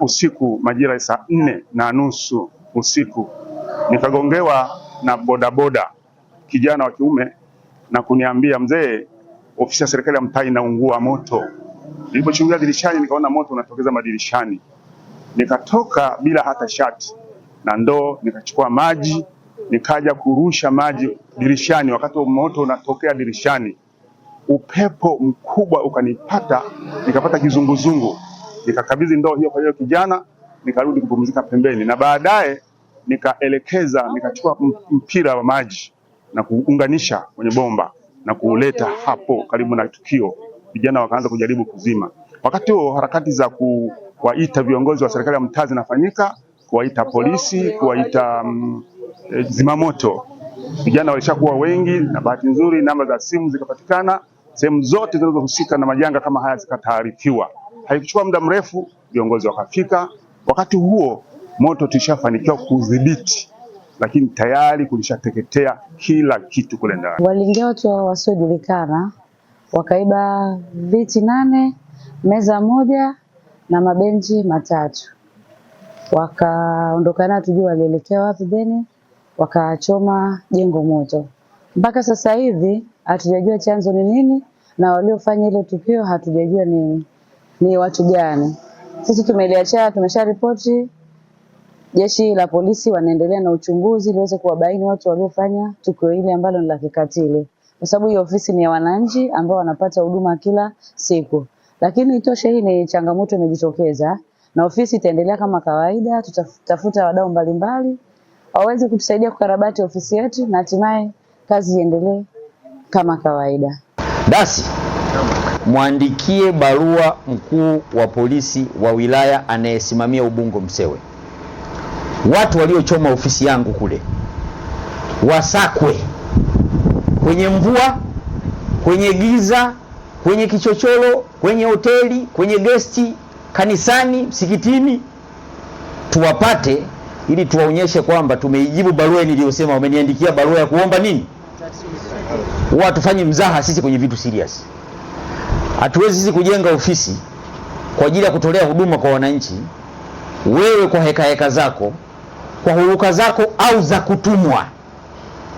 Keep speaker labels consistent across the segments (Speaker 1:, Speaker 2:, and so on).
Speaker 1: usiku majira ya saa nne na nusu usiku nikagongewa na bodaboda kijana wa kiume na kuniambia, mzee, ofisi ya serikali ya mtaa inaungua moto. Nilipochungulia dirishani nikaona moto unatokeza madirishani, nikatoka bila hata shati na ndoo, nikachukua maji nikaja kurusha maji dirishani, wakati wa moto unatokea dirishani. Upepo mkubwa ukanipata, nikapata kizunguzungu nikakabidhi ndoo hiyo kwa hiyo kijana, nikarudi kupumzika pembeni, na baadaye nikaelekeza, nikachukua mpira wa maji na kuunganisha kwenye bomba na kuleta hapo karibu na tukio. Vijana wakaanza kujaribu kuzima. Wakati huo harakati za kuwaita viongozi wa serikali ya mtaa zinafanyika, kuwaita polisi, kuwaita mm, e, zimamoto. Vijana walishakuwa wengi, na bahati nzuri namba za simu zikapatikana. Sehemu zote zinazohusika na majanga kama haya zikataarifiwa. Haikuchukua muda mrefu, viongozi wakafika. Wakati huo moto tulishafanikiwa kudhibiti, lakini tayari kulishateketea kila kitu kule ndani.
Speaker 2: Waliingia watu wasiojulikana wakaiba viti nane, meza moja na mabenchi matatu, wakaondokana, tujua walielekea wapi, deni wakachoma jengo moto. Mpaka sasa hivi hatujajua chanzo ni nini na waliofanya ile tukio hatujajua nini ni watu gani. Sisi tumeliacha, tumesha ripoti jeshi la polisi, wanaendelea na uchunguzi liweze kuwabaini watu waliofanya tukio hili ambalo ni la kikatili, kwa sababu hiyo ofisi ni ya wananchi ambao wanapata huduma kila siku. Lakini itoshe, hii ni changamoto imejitokeza, na ofisi itaendelea kama kawaida. Tutatafuta wadau mbalimbali waweze kutusaidia kukarabati ofisi yetu na hatimaye kazi iendelee kama kawaida.
Speaker 3: Basi mwandikie barua mkuu wa polisi wa wilaya anayesimamia Ubungo Msewe, watu waliochoma ofisi yangu kule wasakwe kwenye mvua, kwenye giza, kwenye kichochoro, kwenye hoteli, kwenye gesti, kanisani, msikitini, tuwapate ili tuwaonyeshe kwamba tumeijibu barua niliyosema. Wameniandikia barua ya kuomba nini? Huwa tufanye mzaha sisi kwenye vitu serious. Hatuwezi sisi kujenga ofisi kwa ajili ya kutolea huduma kwa wananchi, wewe kwa heka heka zako, kwa huruka zako au za kutumwa,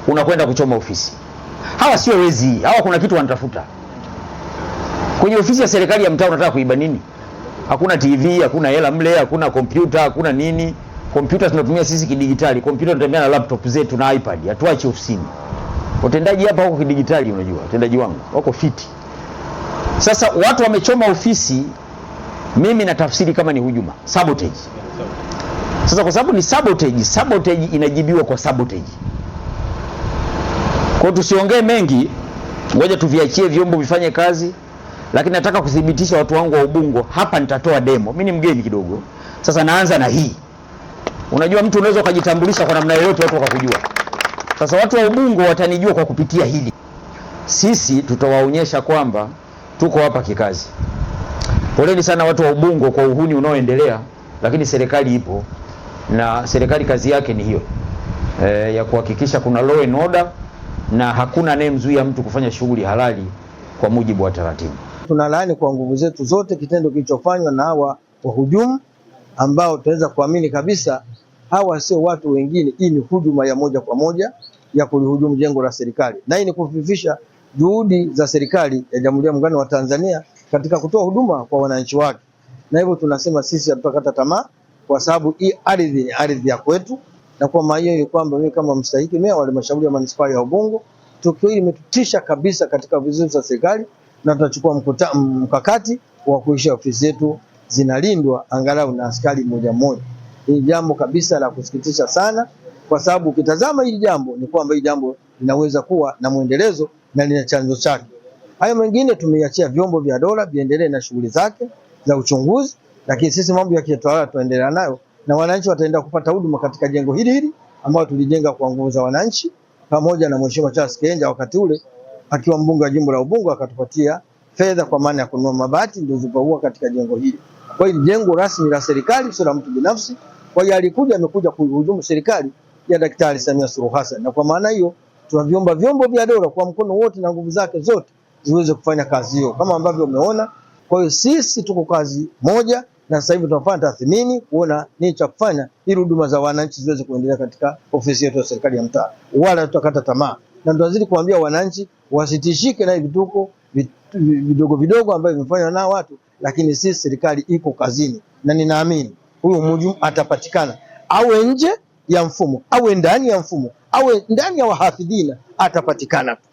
Speaker 3: unakwenda kuchoma ofisi. Hawa sio wezi hawa, kuna kitu wanatafuta kwenye ofisi ya serikali ya mtaa. Unataka kuiba nini? Hakuna TV, hakuna hela mle, hakuna kompyuta, hakuna nini. Kompyuta tunatumia sisi kidigitali, kompyuta tunatumia na laptop zetu na iPad, hatuachi ofisini. Watendaji hapa wako kidigitali, unajua watendaji wangu wako fiti. Sasa watu wamechoma ofisi, mimi natafsiri kama ni hujuma, sabotage. Sasa kwa sababu ni sabotage, sabotage inajibiwa kwa sabotage. Kwa tusiongee mengi, ngoja tuviachie vyombo vifanye kazi, lakini nataka kuthibitisha watu wangu wa Ubungo hapa. Nitatoa demo, mimi ni mgeni kidogo. Sasa naanza na hii. Unajua, mtu unaweza ukajitambulisha kwa namna yoyote, watu wakakujua. Sasa watu wa Ubungo watanijua kwa kupitia hili. Sisi tutawaonyesha kwamba tuko hapa kikazi. Poleni sana watu wa Ubungo kwa uhuni unaoendelea, lakini serikali ipo na serikali kazi yake ni hiyo e, ya kuhakikisha kuna law and order na hakuna anayemzuia mtu kufanya shughuli halali kwa mujibu wa taratibu.
Speaker 4: Tunalaani kwa nguvu zetu zote kitendo kilichofanywa na hawa wahujumu ambao tunaweza kuamini kabisa hawa sio watu wengine. Hii ni hujuma ya moja kwa moja ya kulihujumu jengo la serikali na hii ni kufifisha juhudi za serikali ya Jamhuri ya Muungano wa Tanzania katika kutoa huduma kwa wananchi wake, na hivyo tunasema sisi hatutakata tamaa, kwa sababu hii ardhi ni ardhi ya kwetu, na kwa maana hiyo ni kwamba mimi kama mstahiki meya wa halmashauri ya manispaa ya Ubungo, tukio hili limetutisha kabisa katika vizuri za serikali, na tutachukua mkakati wa kuisha ofisi zetu zinalindwa angalau na askari mmoja mmoja. Ni jambo kabisa la kusikitisha sana, kwa sababu ukitazama hili jambo ni kwamba hili jambo linaweza kuwa na mwendelezo na lina chanzo chake. Hayo mengine tumeiachia vyombo vya dola viendelee na shughuli zake za uchunguzi, lakini sisi mambo ya kitawala tuendelea nayo na wananchi wataenda kupata huduma katika jengo hili hili ambalo tulijenga kwa nguvu za wananchi pamoja na Mheshimiwa Charles Kenja wakati ule akiwa mbunge wa jimbo la Ubungo akatupatia fedha kwa maana ya kununua mabati ndio zipaua katika jengo hili. Kwa hiyo jengo rasmi la serikali sio la mtu binafsi. Kwa hiyo alikuja amekuja kuhudumu serikali ya Daktari Samia Suluhu Hassan, na kwa maana hiyo tunaviomba vyombo vya dola kwa mkono wote na nguvu zake zote ziweze kufanya kazi hiyo kama ambavyo umeona. Kwa hiyo sisi tuko kazi moja, na sasa hivi tunafanya tathmini kuona nini cha kufanya ili huduma za wananchi ziweze kuendelea katika ofisi yetu ya serikali ya mtaa, wala tutakata tamaa, na tunazidi kuambia wananchi wasitishike na vituko vidogo vidogo ambavyo vimefanywa na watu, lakini sisi serikali iko kazini, na ninaamini huyu muhujumu atapatikana awe nje ya mfumo, awe ndani ya mfumo, awe ndani ya wahafidhina, atapatikana tu.